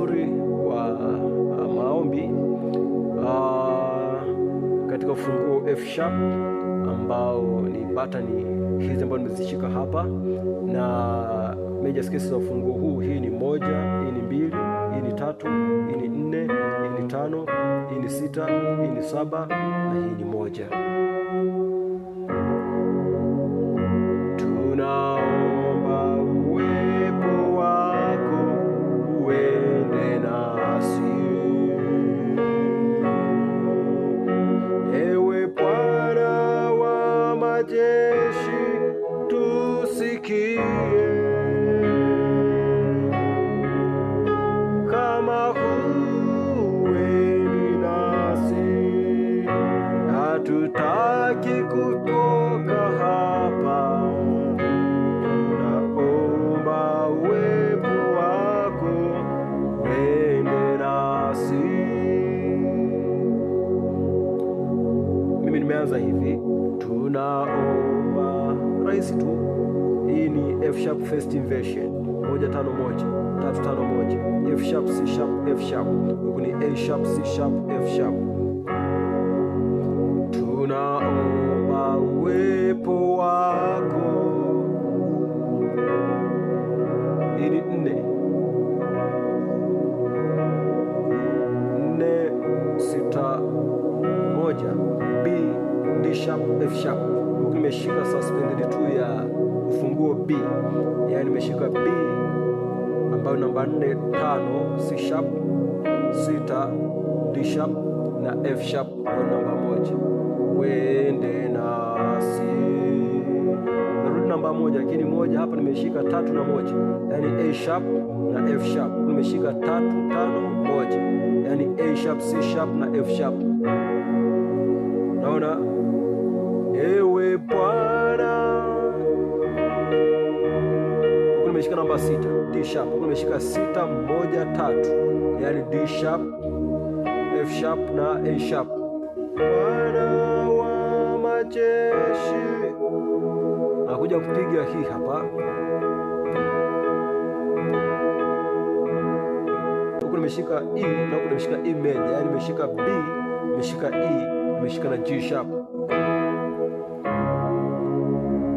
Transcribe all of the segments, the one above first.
mzuri wa ah, maombi ah, katika ufunguo F sharp ambao ni batani hizi ambazo nimezishika hapa, na major scales za ufunguo huu, hii ni moja, hii ni mbili, hii ni tatu, hii ni nne, hii ni tano, hii ni sita, hii ni saba na hii ni moja. imeanza hivi, tunaomba rahisi tu. Hii ni F sharp first inversion, moja tano moja tatu tano moja, F sharp C sharp F sharp, huku ni A sharp C sharp F sharp. Tunaomba uwepo wako ili nne nne sita moja D sharp F sharp, huku nimeshika suspended 2 ya ufunguo B, yaani nimeshika B ambayo namba 4 tano, C sharp sita, D sharp na F sharp kwa namba moja. Wende nasi, narudi namba moja, lakini moja hapa nimeshika tatu na moja, yaani A sharp na F sharp, nimeshika tatu tano moja, yaani A sharp C sharp na F sharp. Naona Bwana. Huku nimeshika namba sita D sharp, huku nimeshika sita moja tatu, yaani D sharp, F sharp na A sharp. Bwana wa majeshi nakuja kupiga hii hapa huku nimeshika E na huku nimeshika E major, yaani nimeshika B, nimeshika E, nimeshika na G sharp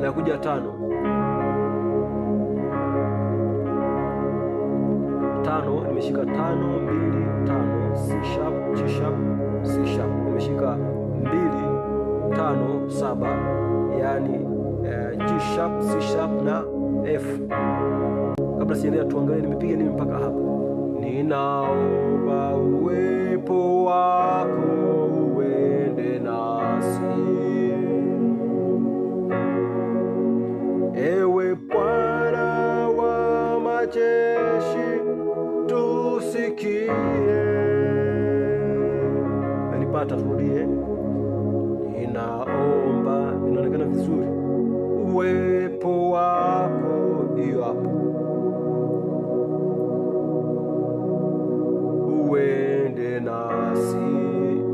inakuja tano tano, nimeshika tano mbili tano, C sharp G sharp C sharp, nimeshika mbili tano saba, yani eh, G sharp C sharp na F. Kabla siendelea, tuangalie nimepiga nini mpaka hapo. Ninaomba uwepo wako jeshi tusikie. Alipata, yaani turudie. Ninaomba, inaonekana vizuri. Uwepo wako, hiyo hapo. Uende nasi,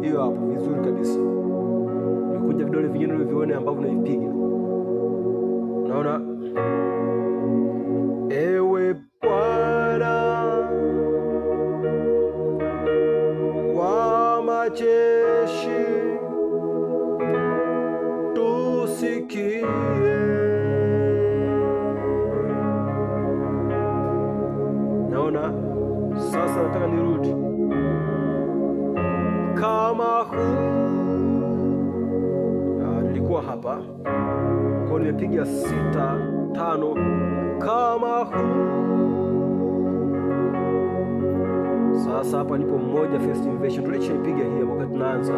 hiyo hapo, vizuri kabisa. Nikuja vidole vingine ndio vione ambavyo naipiga, naona unaona, sasa nataka nirudi kama huu, ah, nilikuwa hapa kwa nimepiga sita tano kama huu. Sasa hapa nipo mmoja, first inversion tulichoipiga hii wakati naanza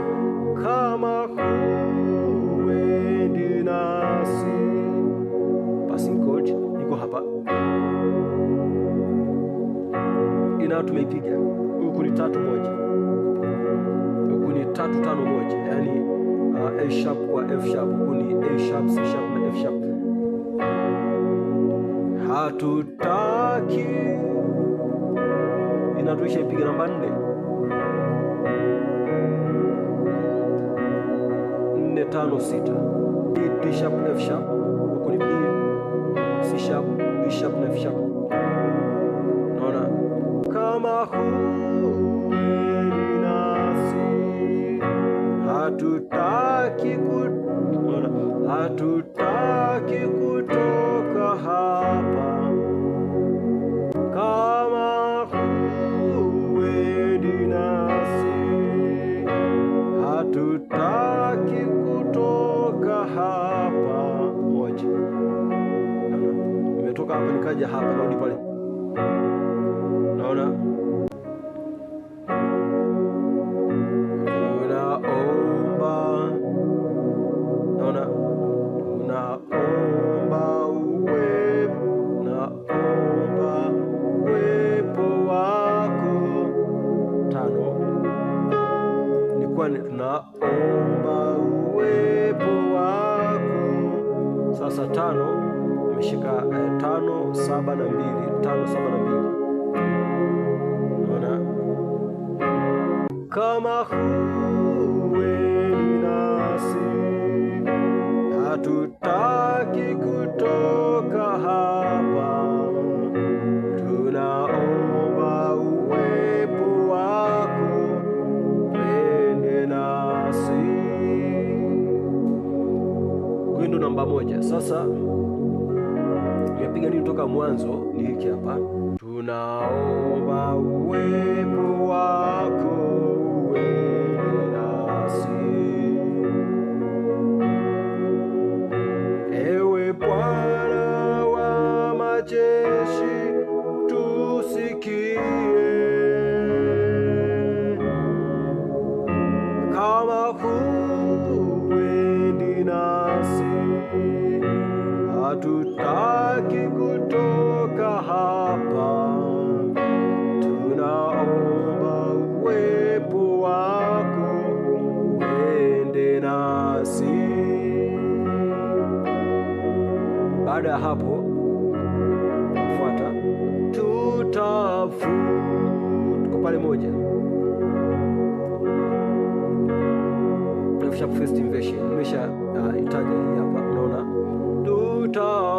kama huu ambayo tumeipiga huku ni tatu moja, huku ni tatu tano moja, yani uh, A sharp kwa F sharp, huku ni A sharp, C sharp na F sharp. Hatutaki inatuisha ipiga namba nne nne tano sita, D sharp F sharp, huku ni B C sharp B sharp na F sharp hatuwahubiri nasi hatutaki kutoka, hatutaki kutoka hapa kama huwendi nasi hatutaki kutoka hapa moja nimetoka hapa nikaja hapa narudi pale naona kwani tunaomba uwepo wako. Sasa tano umeshika eh, tano saba na mbili, tano saba na mbili. Unaona kama huwe sasa tunapiga dili toka mwanzo, ni hiki hapa, tunaomba uwepo wako uwe nasi, wa majeshi, kama huwendi nasi hatutaki kutoka hapa, tunaomba uwepo wako uende nasi. Baada ya hapo fuata tutafu pale moja Sharp First Invasion nimesha uh, itaja hii hapa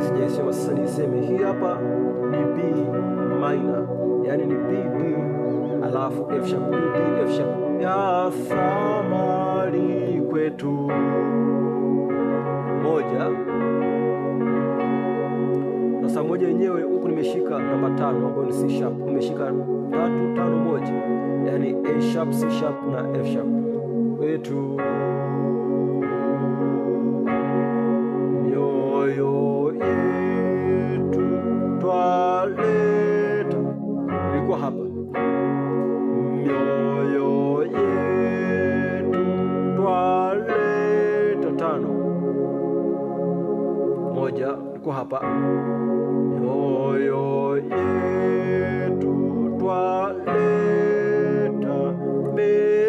sijaisema sasa, niseme hii hapa ni B minor, yani ni B B alafu F sharp, B e, B F sharp ya thamani kwetu moja. Sasa moja yenyewe huku nimeshika namba tano ambayo ni C sharp, nimeshika tatu tano moja, yani A sharp, C sharp na F sharp kwetu moja niko hapa mioyo yetu twaleta mbele